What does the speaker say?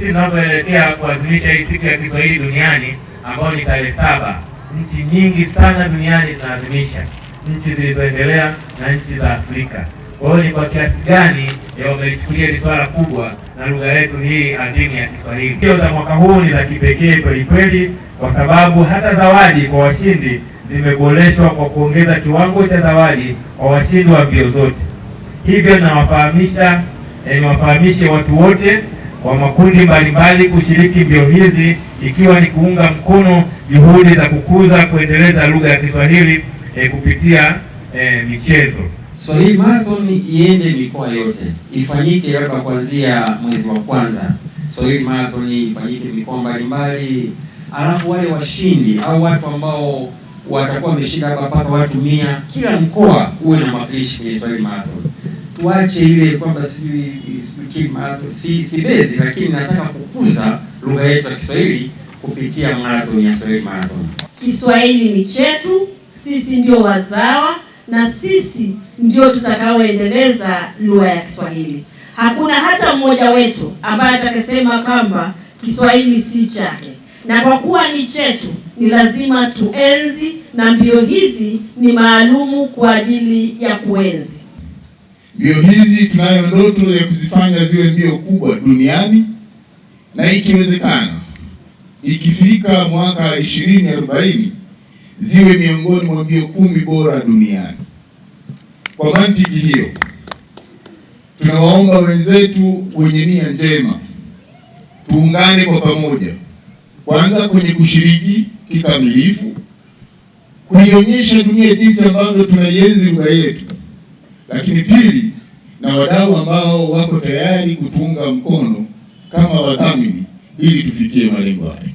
Sisi tunavyoelekea kuadhimisha hii siku ya Kiswahili duniani ambayo ni tarehe saba, nchi nyingi sana duniani zinaadhimisha, nchi zilizoendelea na nchi za Afrika. Kwa hiyo ni kwa kiasi gani wamelichukulia hili swala kubwa na lugha yetu hii adhimu ya Kiswahili. Hiyo za mwaka huu ni za kipekee kweli kweli, kwa sababu hata zawadi kwa washindi zimeboreshwa kwa kuongeza kiwango cha zawadi kwa washindi wa mbio zote. Hivyo nawafahamisha, eh, niwafahamishe watu wote wa makundi mbalimbali kushiriki mbio hizi ikiwa ni kuunga mkono juhudi za kukuza kuendeleza lugha ya Kiswahili e, kupitia e, michezo. Swahili Marathon iende mikoa yote, ifanyike labda kuanzia mwezi wa kwanza. Swahili Marathon ifanyike mikoa mbalimbali, alafu wale washindi au watu ambao watakuwa wameshinda hapa mpaka watu mia, kila mkoa uwe na mwakilishi kwenye Swahili Marathon tuache ile kwamba sijui speaking si si bezi, lakini nataka kukuza lugha yetu ya Kiswahili kupitia marathon ya Swahili Marathon. Kiswahili ni chetu, sisi ndio wazawa na sisi ndio tutakaoendeleza lugha ya Kiswahili. Hakuna hata mmoja wetu ambaye atakasema kwamba Kiswahili si chake, na kwa kuwa ni chetu, ni lazima tuenzi, na mbio hizi ni maalumu kwa ajili ya kuenzi. Mbio hizi tunayo ndoto ya kuzifanya ziwe mbio kubwa duniani na ikiwezekana, ikifika mwaka 2040 ziwe miongoni mwa mbio kumi bora duniani. Kwa mantiki hiyo, tunawaomba wenzetu wenye nia njema tuungane kwa pamoja, kwanza kwenye kushiriki kikamilifu kuionyesha dunia jinsi ambavyo tunaienzi lugha yetu lakini pili, na wadau ambao wako tayari kutuunga mkono kama wadhamini ili tufikie malengo haya.